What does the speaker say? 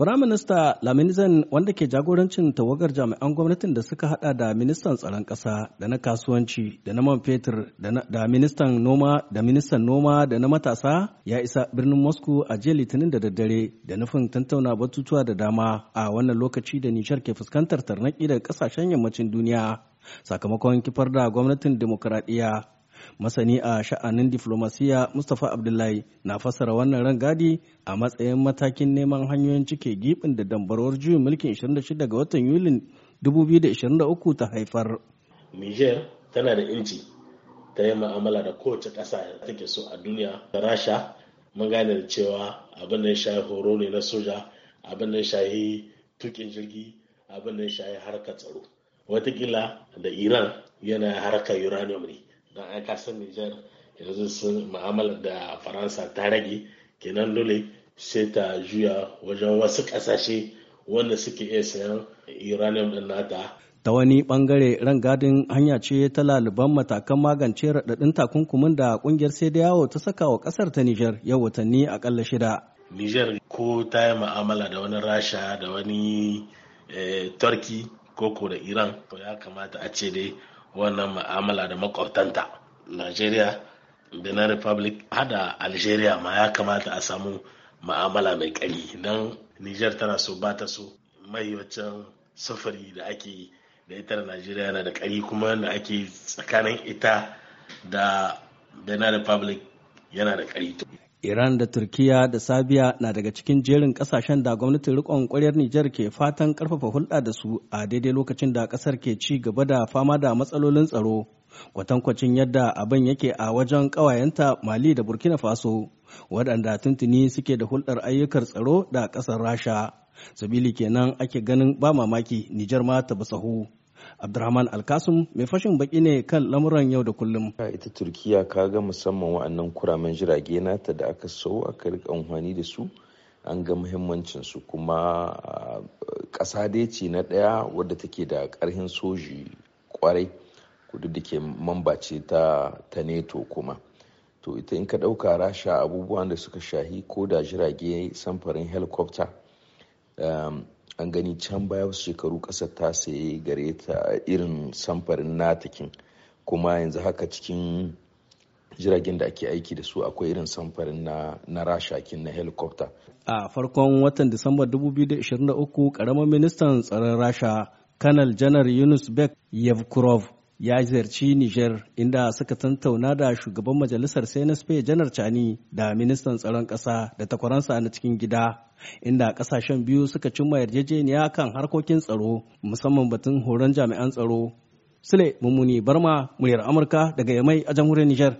Firaminista Laminizan wanda ke jagorancin tawagar jami'an gwamnatin da suka hada da ministan tsaron ƙasa da na kasuwanci da na man fetur da ministan noma da ministan noma da na matasa ya isa birnin Moscow a jiya litinin da daddare da nufin tantauna batutuwa da dama a wannan lokaci da nishar ke fuskantar tarnaki daga kasashen yammacin duniya sakamakon kifar da gwamnatin demokuraɗiyya Masani a sha'anin diflomasiya Mustapha Abdullahi na fassara wannan rangadi a matsayin matakin neman hanyoyin cike gibin da dambarwar juyin mulkin 26 ga watan Yulin 2023 ta haifar. Niger tana da inci ta yi ma'amala da kowace ƙasa da take so a duniya da Rasha mun gane da cewa abin da ya shahi horo ne na soja abin da ya shahi tukin jirgi abin da ya shahi harkar tsaro watakila da iran yana harkar uranium ne don ai ka san Nijar yanzu sun mu'amala da Faransa ta rage kenan dole sai ta juya wajen wasu ƙasashe wanda suke iya sayan uranium din nata. Ta wani bangare rangadin hanya ce ta laliban matakan magance raɗaɗin takunkumin da ƙungiyar sai da yawo ta saka wa ƙasar ta Nijar yau watanni aƙalla shida. Nijar ko ta yi ma'amala da wani Rasha da wani eh, Turki koko da Iran ko ya kamata a ce dai wannan ma'amala da makwabtanta Najeriya Benin Republic hada Algeria ma ya kamata a samu ma'amala mai ƙari don Nijar tana so ba ta so mai sufuri da ake da ita da Najeriya yana da ƙari kuma da ake tsakanin ita da Benin Republic yana da ƙari. Iran da Turkiya da Sabiya na daga cikin jerin ƙasashen da gwamnatin rikon ƙwaryar Nijar ke fatan ƙarfafa hulɗa da su a daidai lokacin da ƙasar ke ci gaba da fama da matsalolin tsaro. Kwatankwacin yadda abin yake a wajen ƙawayenta Mali da Burkina Faso, waɗanda tuntuni suke da hulɗar ayyukan tsaro da ƙasar Rasha. Sabili kenan ake ganin ba mamaki Nijar ma ta bi sahu. Abdurrahman Alkasum mai fashin baki ne kan lamuran yau da kullum. Ita Turkiya ka ga musamman wa'annan kuramen jirage nata da aka so aka rika amfani da su an ga muhimmancin su kuma ah, ƙasa dai ce na ɗaya wadda take da ƙarhin soji kwarai kudu da ke mambace ta ta neto kuma to ita in ka ɗauka rasha abubuwan da suka shahi ko da jirage samfarin helicopter um, an gani can baya wasu shekaru ƙasar ta saye gare ta irin samfarin natakin kuma yanzu haka cikin jiragen da ake aiki da su akwai irin samfarin na, na rashakin na helicopter. a farkon watan disamba 2023 karamar ministan tsaron rasha kanal janar yunus bek yevkurov ya ziyarci Nijar inda suka tantauna da shugaban majalisar Senate Janar Chani da ministan tsaron ƙasa da takwaransa na cikin gida inda ƙasashen biyu suka cimma yarjejeniya kan harkokin tsaro musamman batun horon jami'an tsaro. Sule Mummuni Barma, muryar Amurka daga Yamai a jamhuriyar Nijar.